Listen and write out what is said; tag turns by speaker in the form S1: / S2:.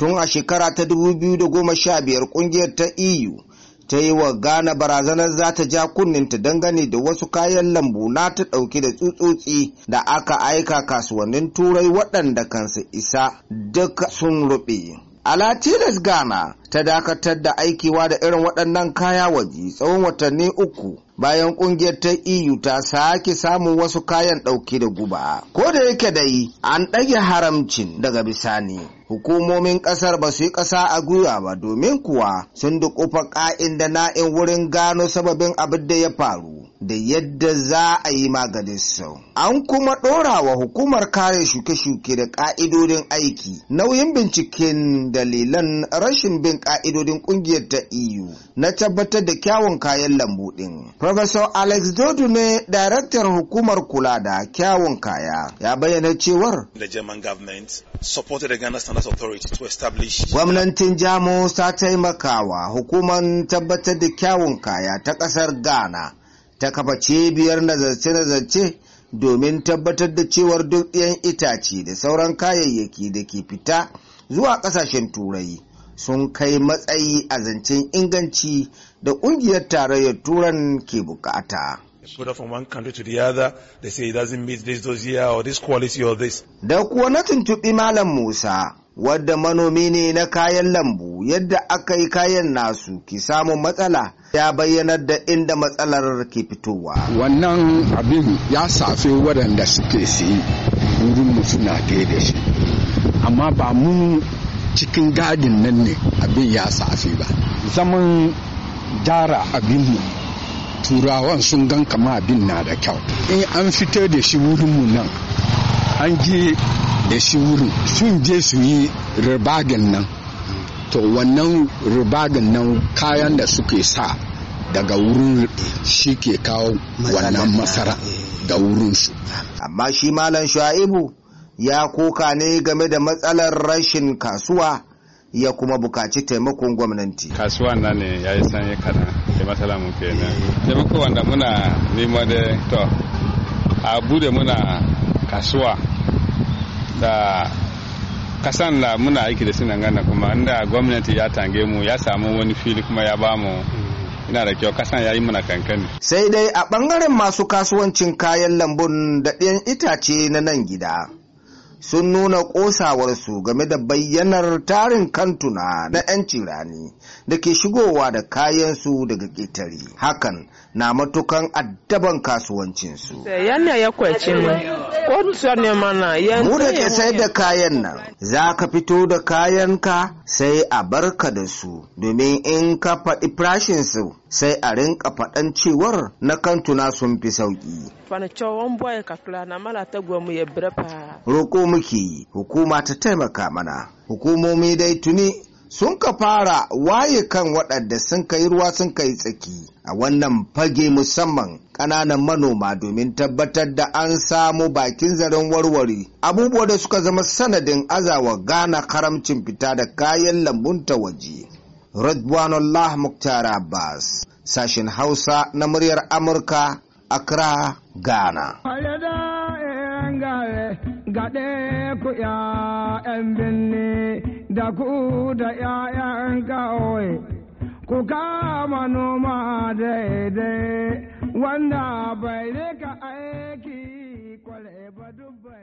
S1: tun a shekara ta 2015 kungiyar ta eu ta yi wa ghana barazanar za ta ja kunninta dangane da wasu kayan lambu na ta ɗauke da tsutsotsi da aka aika kasuwannin turai waɗanda kansu isa duk sun ruɓe a tilas ghana ta dakatar da aikiwa da irin waɗannan kaya waje tsawon watanni uku bayan kungiyar ta EU ta sake samun wasu kayan ɗauke da guba. Ko da yake dai an ɗage haramcin daga bisani. Hukumomin ƙasar ba su yi ƙasa a gwiwa ba domin kuwa sun duƙufa ƙa'in da na'in wurin gano sababin abin da ya faru. da yadda za a yi maganin sau. An kuma ɗora wa hukumar kare shuke-shuke da ƙa'idodin aiki nauyin binciken dalilan rashin bin ƙa'idodin ƙungiyar ta EU na tabbatar da kyawun kayan lambu ɗin. Professor Alex Dodu ne daraktar hukumar kula da kyawun kaya ya bayyana cewar. Gwamnatin Jamus ta taimakawa hukumar tabbatar da kyawun kaya ta ƙasar Ghana. ta kafa cibiyar nazarce-nazarce domin tabbatar da cewar duk ɗayan itace da sauran kayayyaki da ke fita zuwa ƙasashen turai sun kai matsayi a zancen inganci da ƙungiyar tarayyar turan ke bukata. Da kuwa na tuntuɓi Malam Musa wadda manomi ne na kayan lambu yadda aka yi kayan nasu ki samu matsala ya bayyanar da inda matsalar ke fitowa. Wannan abin ya safi waɗanda suke siyi wurin suna ke da shi. Amma ba mu cikin gadin nan ne abin ya safi ba. Zaman gyara abin turawan sun gan kama abin na da kyau. In an fito da shi wurin nan an ji da shi wuri sun je su yi ribagen nan to wannan ribagen nan kayan da suke sa daga wurin shi ke kawo wannan masara da wurinsu amma shi malam shu'aibu ya koka ne game da matsalar rashin kasuwa ya kuma bukaci taimakon gwamnati kasuwa na ne ya yi sanye kana da matsala mu nan taimako wanda muna nema da to a bude muna kasuwa da kasan la muna aiki da sinan gana kuma inda gwamnati ya tange mu ya samu wani fili kuma ya bamu ina da kyau kasan ya yi muna kankani. Sai dai a ɓangaren masu kasuwancin kayan lambun da ɗiyan itace na nan gida. sun nuna ƙosawarsu game da bayyanar tarin kantuna na 'yanci rani da ke shigowa da kayansu daga ƙetare hakan na matukan addaban kasuwancinsu. Mu da ke sai da kayan nan, za ka fito da kayan ka sai a barka da su, domin in ka faɗi farashinsu sai a rinka faɗan cewar na kantuna sun fi sauƙi. Roko muke yi, hukuma ta taimaka mana, hukumomi dai tuni sun ka fara waye kan waɗanda sun kai ruwa sun kai tsaki a wannan fage musamman ƙananan manoma domin tabbatar da an samu bakin zaren warware abubuwa da suka zama sanadin azawa gana karamcin fita da kayan lambun ta waje Radwanullah Muktar Abbas, sashin Hausa na muryar Amurka, Accra, Ghana. Gaɗe ku ‘ya'yan da ku da ‘ya'yan ku kama noma daidai wanda bai